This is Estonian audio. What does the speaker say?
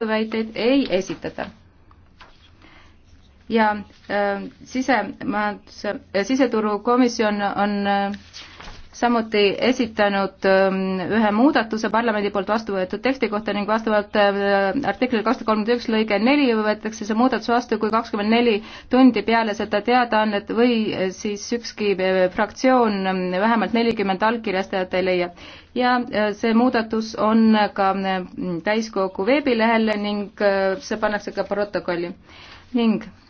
vastuväiteid ei esitata. ja äh, sisemajanduse äh,, siseturukomisjon on äh, samuti esitanud ähm, ühe muudatuse parlamendi poolt vastu võetud teksti kohta ning vastavalt äh, artiklile kakssada kolmkümmend üks lõige neli võetakse see muudatus vastu, kui kakskümmend neli tundi peale seda teadaannet või äh, siis ükski äh, fraktsioon ähm, vähemalt nelikümmend allkirjastajat ei leia. ja see muudatus on ka täiskogu veebilehel ning see pannakse ka protokolli. ning